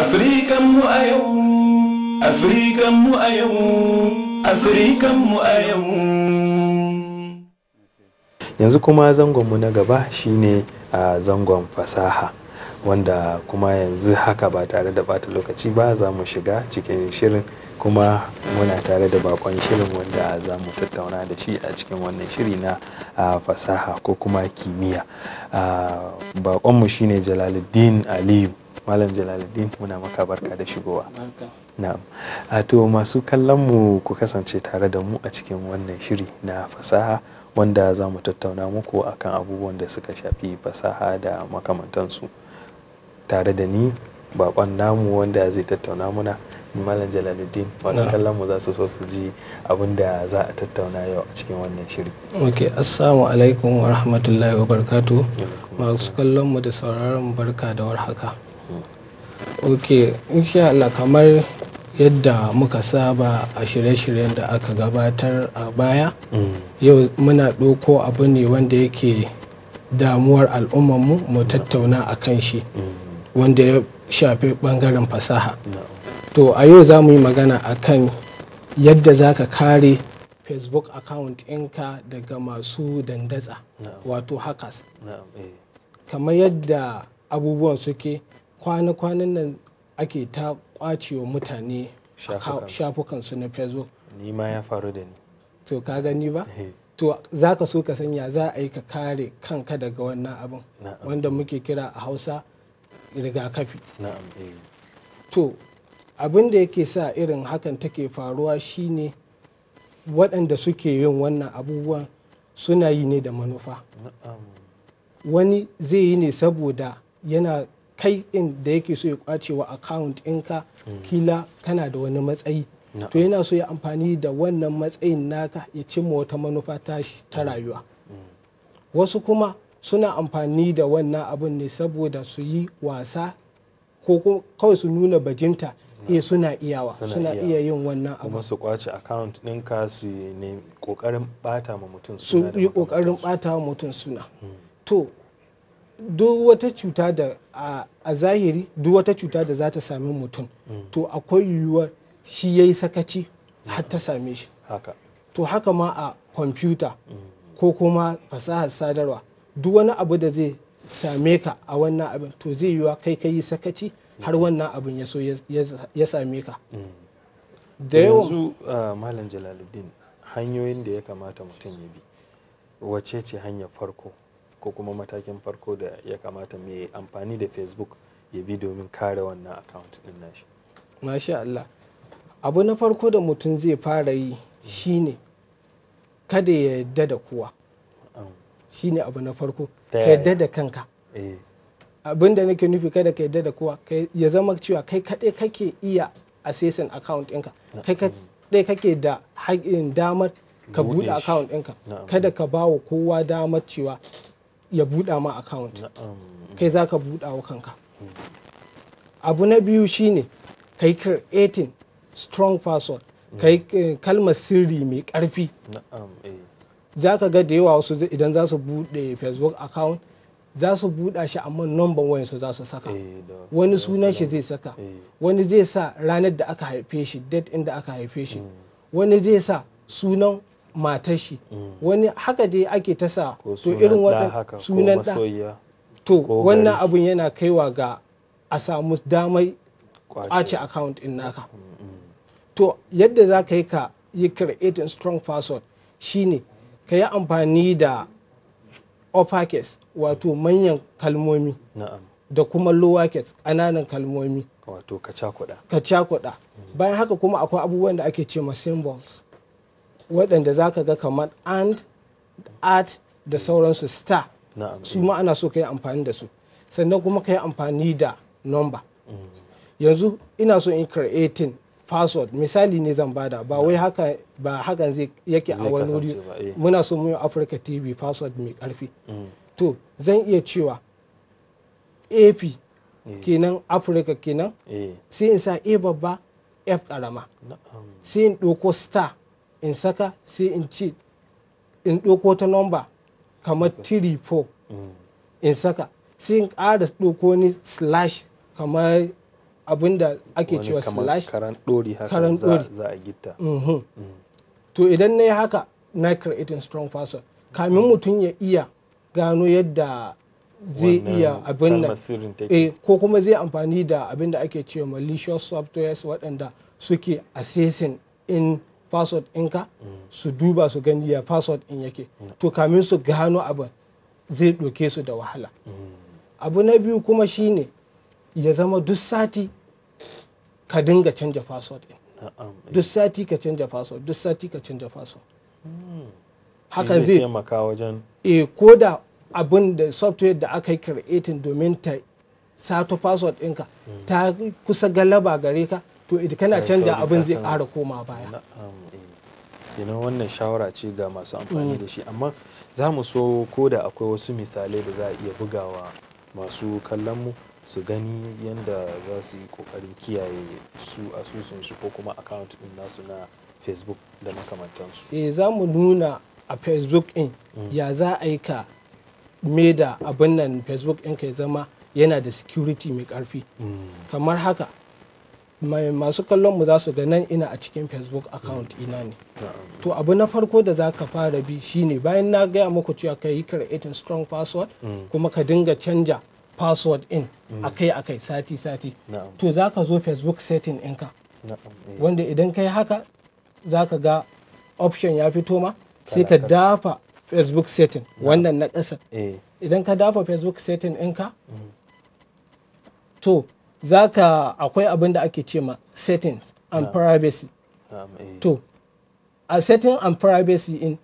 Afirikan mu a yau, Afirikan mu a yau, Afirikan mu a yau. Yanzu kuma zangonmu na gaba shine a zangon fasaha. wanda kuma yanzu haka ba tare da bata lokaci ba za mu shiga cikin shirin kuma muna tare da bakon shirin wanda za mu tattauna da shi a cikin wannan shiri na fasaha ko kuma kimiyya bakonmu shine jalaluddin aliyu Malam Jalaluddin muna maka barka da shigowa. Na'am. A to masu kallon mu ku kasance tare da mu a cikin wannan shiri na fasaha wanda za mu tattauna muku akan abubuwan da suka shafi fasaha da makamantansu. Tare da ni bakon namu wanda zai tattauna muna Malam Jalaluddin masu kallon mu za su so su ji abin da za a tattauna yau a cikin wannan shiri. Ok, Assalamu alaikum wa rahmatullahi wa barkatu. Masu kallon mu da sauraron barka da warhaka. ok insha Allah kamar yadda muka saba a shirye-shiryen da aka gabatar a baya mm. yau muna ɗauko abu ne wanda yake damuwar al'ummar mu tattauna a kan shi mm. wanda ya shafi ɓangaren fasaha to a yau za mu yi magana a kan yadda za ka kare facebook account ɗinka daga masu dandatsa wato hackers eh. kamar yadda abubuwan suke kwana-kwanan nan ake ta kwacewa mutane shafukansu na facebook ni ma ya faru da ni to ka gani ba eh. to za ka so ka sanya za a yi ka kare kanka daga wannan abin wanda muke kira a hausa rigakafi eh. to abin da yake sa irin hakan take faruwa shine waɗanda suke yin wannan abubuwan suna yi ne da manufa wani zai yi ne saboda yana kai in da yake so ya kwace wa account ɗinka kila kana da wani matsayi to yana so ya amfani da wannan matsayin naka ya cimma wata manufa ta rayuwa wasu kuma suna amfani da wannan abun ne saboda su yi wasa ko kawai su nuna bajinta iya eh, suna iyawa suna iya yin wannan abu kuma su kwace account ka su ne kokarin bata ma mutum suna su yi kokarin bata ma mutum suna hmm. to duk wata cuta da a zahiri duk wata cuta da za ta sami mutum mm. to akwai yiwuwar shi ya yi sakaci har ta same shi to haka ma a kwamfuta mm. ko kuma fasahar sadarwa duk wani abu da zai same ka a wannan abin to zai yiwuwa kai ka yi sakaci har mm. wannan abin ya so ya same ka da yanzu uh, malam jalaluddin hanyoyin da ya kamata mutum ya bi wace ce hanyar farko ko kuma matakin farko da ya kamata mai amfani da facebook ya bi domin kare wannan account din nashi masha Allah abu na farko da mutum zai fara yi shine kada ya yadda da kowa shine abu na farko ka yadda da kanka eh. abin da nake nufi kada ka yadda da kowa ya zama cewa kai kadai kake iya assessing account ɗinka kai kaɗai mm. kake da haƙin damar ka buɗe account ɗinka kada ka bawa kowa damar cewa ya buɗa ma account kai za ka buɗa wa kanka abu na biyu shine kai yi creating strong password kai yi eh, kalmar sirri mai ƙarfi eh. za ka ga da yawa wasu idan za su buɗe facebook account za su buɗa shi amma nomban su za su saka eh, wani sunan shi zai saka wani zai sa ranar da aka haife shi date inda aka haife shi mm. wani zai sa sunan matar shi mm. wani haka dai ake tasa to irin wata sunan da to wannan abun yana kaiwa ga a samu damai kwace account din naka mm, mm. to yadda za ka yi ka yi creating strong password shine ka yi amfani da uppercase wato manyan kalmomi da kuma lowercase ƙananan kalmomi wato ka cakuɗa bayan haka kuma akwai abubuwan da ake ce ma symbols waɗanda za ka ga kamar and art da sauransu star su ma ana so ka yi amfani da su sannan kuma ka yi amfani da number yanzu ina so in creating password misali ne zan bada ba wai haka ba hakan zai yake a wani eh. muna so muyi Africa TV password mai karfi mm. to zan iya cewa AP eh. kenan Africa kenan eh. sai in sa A babba F karama sai in ɗauko star in saka sai in ci in ɗauko ta nomba kamar tiri fo mm. in saka sai in ƙara ɗauko ni slash kamar abinda ake cewa slash karan ɗori haka za a gita mm-hmm. mm. to idan na yi haka na creating strong fashion kamin mm. mutum ya iya gano yadda zai iya abin da eh, ko kuma zai amfani da abin da ake cewa malicious softwares waɗanda suke assessing in password ɗinka su duba su gani ya password ɗin yake to kamin su gano abin zai ɗauke su da wahala abu na biyu kuma shine ya zama duk sati ka dinga canja password ɗin eh. duk sati ka canja password duk sati ka canja password hmm. hakan zai taimaka wajen e ko da abin da software da aka yi creating domin ta sato password ɗinka hmm. ta kusa galaba gare ka to idan kana eh, canja abin zai ƙara koma baya kenan eh. wannan shawara ce ga masu amfani da shi amma za mu so ko da akwai wasu misalai da za a iya bugawa masu kallonmu su gani yadda za su yi kokarin kiyaye su asusunsu ko kuma account din nasu na facebook da makamantansu eh za mu nuna a facebook din mm. ya za a yi ka me da abin nan facebook in ka zama yana da security mai karfi mm. kamar haka masu kallon mu za su ga nan ina a cikin facebook account ina ne to abu na farko da za ka fara bi shine bayan na gaya muku cewa ka yi creating strong password mm. kuma ka dinga canja password in mm. akai akai sati sati to za ka zo facebook setting ɗinka eh. wanda idan ka yi haka za ka ga option ya fito ma sai ka dafa facebook setting wannan na ƙasa eh. idan ka dafa facebook setting ɗinka mm. to zaka akwai abin da ake ce ma settings and yeah. privacy yeah, to a setting and privacy in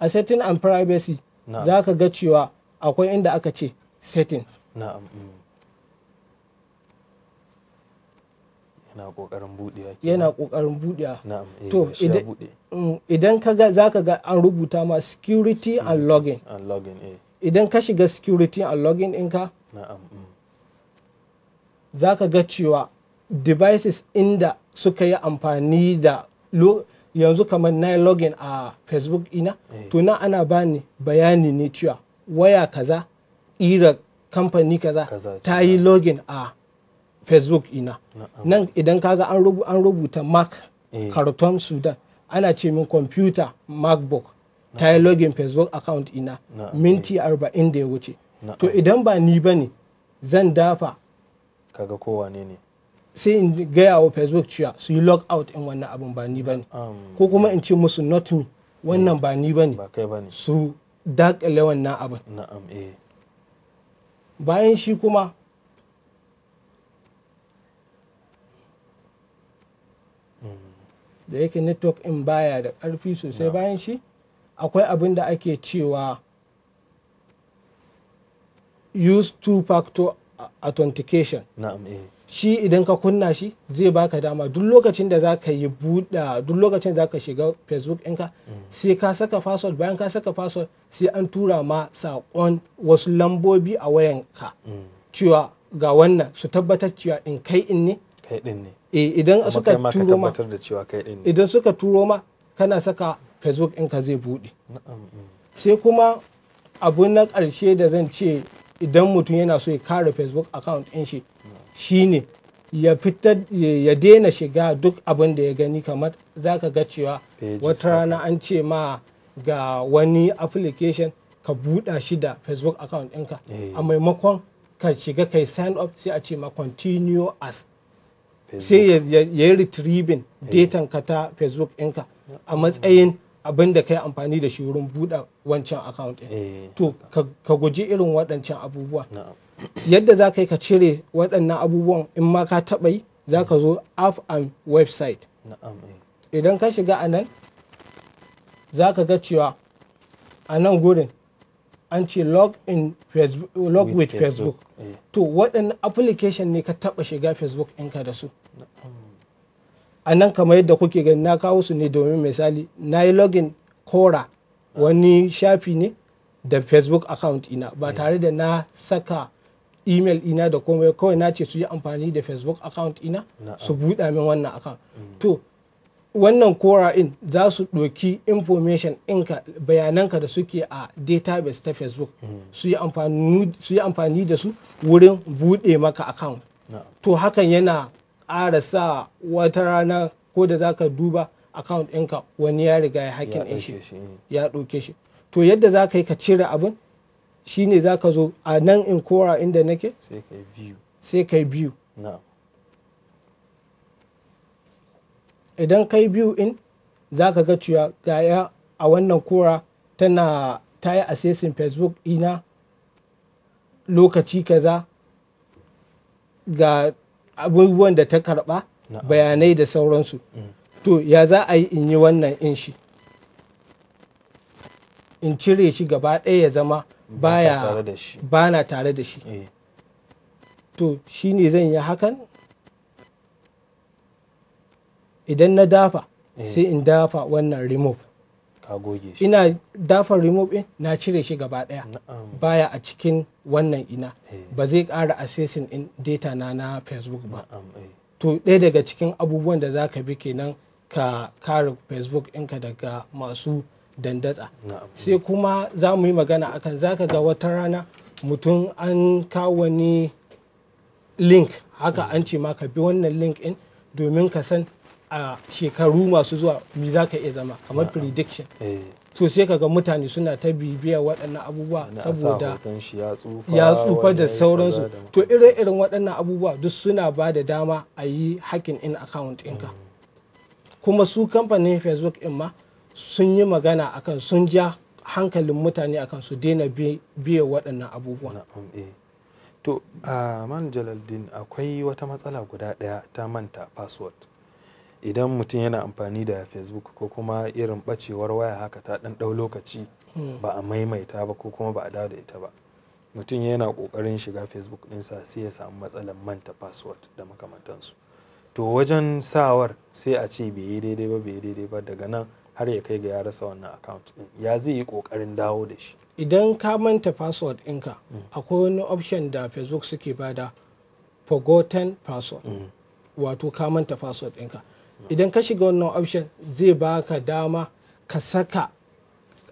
a setting and privacy no. za ka ga cewa akwai inda aka ce settings no. Mm. yana kokarin budewa yana eh, to mm, idan ka ga za ka ga an rubuta ma security and login. Eh. idan ka shiga security and login ɗinka mm. za ka ga cewa devices inda suka yi amfani da yanzu kamar na login a facebook ina eh. tuna ana bani bayani ne cewa waya kaza ira kamfani kaza ta yi login a facebook ina nan idan kaga an rubuta mark eh. karton sudan ana ce min computer macbook ta yi login facebook account ina minti arba'in da ya wuce to idan ba ni ba ne zan dafa kaga kowa ne ne sai in gaya wa facebook cewa su yi log out in wannan abin ba ni ba ne ko kuma in ce musu not me wannan mm. ba ni ba ne su dakale wannan abin eh. bayan shi kuma mm. da yake network in baya da ƙarfi sosai bayan shi akwai abin da ake cewa use two factor authentication na'am eh. shi idan ka kunna shi zai baka dama duk lokacin da za ka yi buɗa duk lokacin da za ka shiga facebook ɗinka mm. sai ka saka password bayan ka saka password sai an tura ma saƙon wasu lambobi a wayanka mm. cewa ga wannan su tabbatar cewa in kai in ne kai ne eh, idan suka turo ma idan suka turo ma kana saka facebook ɗinka zai buɗe mm. sai kuma abu na ƙarshe da zan ce idan mutum yana so ya kare facebook account ɗin shi shine ya fitar ya daina shiga duk abin da ya gani kamar za ka ga cewa wata rana an ce ma ga wani application ka buɗa shi da facebook account ɗinka eh. a maimakon ka shiga kai sign up sai a ce ma continue as sai ya yi retrieving eh. datan ka ta facebook ɗinka a matsayin abin da kai amfani da shi wurin buɗe wancan account ɗin eh. to ka guji irin waɗancan abubuwa yadda za ka yi ka cire waɗannan abubuwan in ma ka taɓa yi za ka zo app and website eh. idan ka shiga a za ka ga cewa a nan gurin an ce log in facebook, log with, facebook, eh. to waɗannan application ne ka taɓa shiga facebook ɗinka da su a nan kamar yadda kuke gani na kawo su ne domin misali na yi login kora wani shafi ne da facebook account ina ba eh. tare da na saka email ina da komai kawai na ce su yi amfani da facebook account ina su buɗa min wannan account mm. to wannan kora in za su ɗoki information inka bayananka da suke a database ta facebook mm. su yi amfani da su wurin buɗe maka account to hakan yana ƙara sa wata rana ko da za ka duba account ɗinka wani ya riga ya hakin eh. ya ɗauke shi to yadda za ka yi ka cire abin shine za ka zo a nan in kora inda nake sai ka yi biyu idan ka yi biyu in za ka ga cewa gaya a wannan kora tana ta yi assessin facebook ina lokaci kaza ga abubuwan da ta karba bayanai da sauransu mm. to ya za a yi in yi wannan in shi in cire shi gaba ɗaya ya zama ba bana tare da shi eh. to shi ne zan yi hakan idan na dafa eh. sai in dafa wannan remove ina dafa remote na cire shi gaba daya baya a cikin wannan ina eh. ba zai ƙara accessing in data na na facebook ba eh. to ɗaya daga cikin abubuwan da za ka bi kenan ka kare facebook ɗinka daga masu dandatsa sai kuma za mu yi magana akan za ka ga wata rana mutum an kawo wani link haka mm. an ce ma ka bi wannan link in domin ka san a shekaru masu zuwa mi za ka iya zama kamar prediction eh. to sai kaga mutane suna ta bibiya waɗannan abubuwa saboda ya tsufa da sauransu to ire-iren waɗannan abubuwa duk suna ba da dama a yi hakin in account ɗinka mm. kuma su kamfanin facebook ɗin ma sun yi magana akan sun ja hankalin mutane akan su daina biya waɗannan abubuwa eh. to a ah, man jalaldin akwai wata matsala guda ɗaya ta manta password idan mutum yana amfani da facebook ko kuma irin bacewar waya haka ta dan dau lokaci hmm. ba a maimaita ba ko kuma ba a dawo da ita ba mutum yana kokarin shiga facebook ɗinsa sai ya samu matsalar manta password da makamantansu to wajen sawar sai a ce bai yi daidai ba bai yi daidai ba daga nan har ya kai ga ya rasa wannan account din ya zai yi kokarin dawo da shi idan ka manta password ɗinka hmm. akwai wani option da facebook suke bada forgotten password hmm. wato ka manta password ɗinka idan ka shiga wannan option zai baka dama ka saka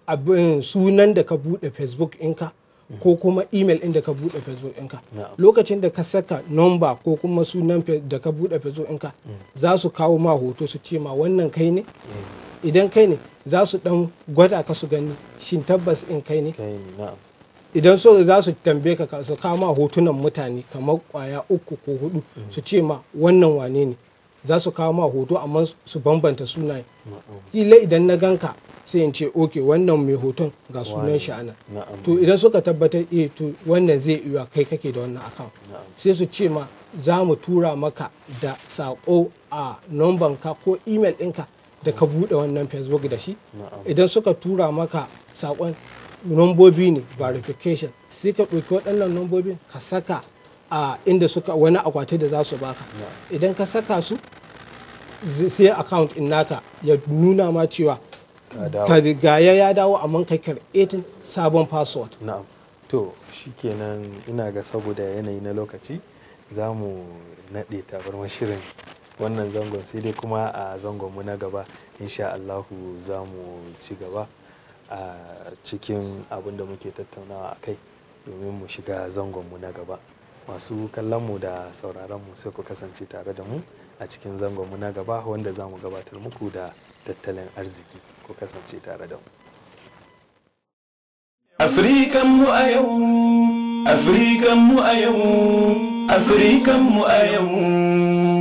abin sunan da ka bude facebook inka ko kuma email inda ka bude facebook inka lokacin da ka saka number ko kuma sunan da ka bude facebook inka mm. za su kawo ma hoto su ce ma wannan kai ne mm. idan kai ne za su dan gwada ka su gani shin tabbas in kai ne idan so za su tambaye ka su kama hotunan mutane kamar kwaya uku ko hudu mm. su ce ma wannan wane ne za su kawo ma hoto amma su bambanta sunaye kila idan na ganka sai in ce ok wannan mai hoton ga sunan shi ana to idan suka tabbatar e to wannan zai iya kai kake da wannan akan sai su ce ma za mu tura maka da saƙo a nomban ka ko email ɗinka da ka buɗe wannan facebook da shi idan suka tura maka sakon nombobi ne verification sai ka ɗauki waɗannan nombobin ka saka a inda suka wani akwati da za su baka idan ka saka su sai account in naka ya nuna ma cewa ka gaya ya dawo amma ka creating sabon password na'am to shikenan ina ga saboda yanayi na lokaci za mu naɗe tabarmar shirin wannan zangon sai dai kuma a zangonmu na gaba insha Allahu za mu ci gaba a cikin abin da muke tattaunawa a kai domin mu shiga zangonmu na gaba masu kallonmu da sauraronmu sai ku kasance tare da mu a cikin zangonmu na gaba wanda za mu gabatar muku da tattalin arziki ku kasance tare da mu. mu a yau, mu a yau, mu a yau.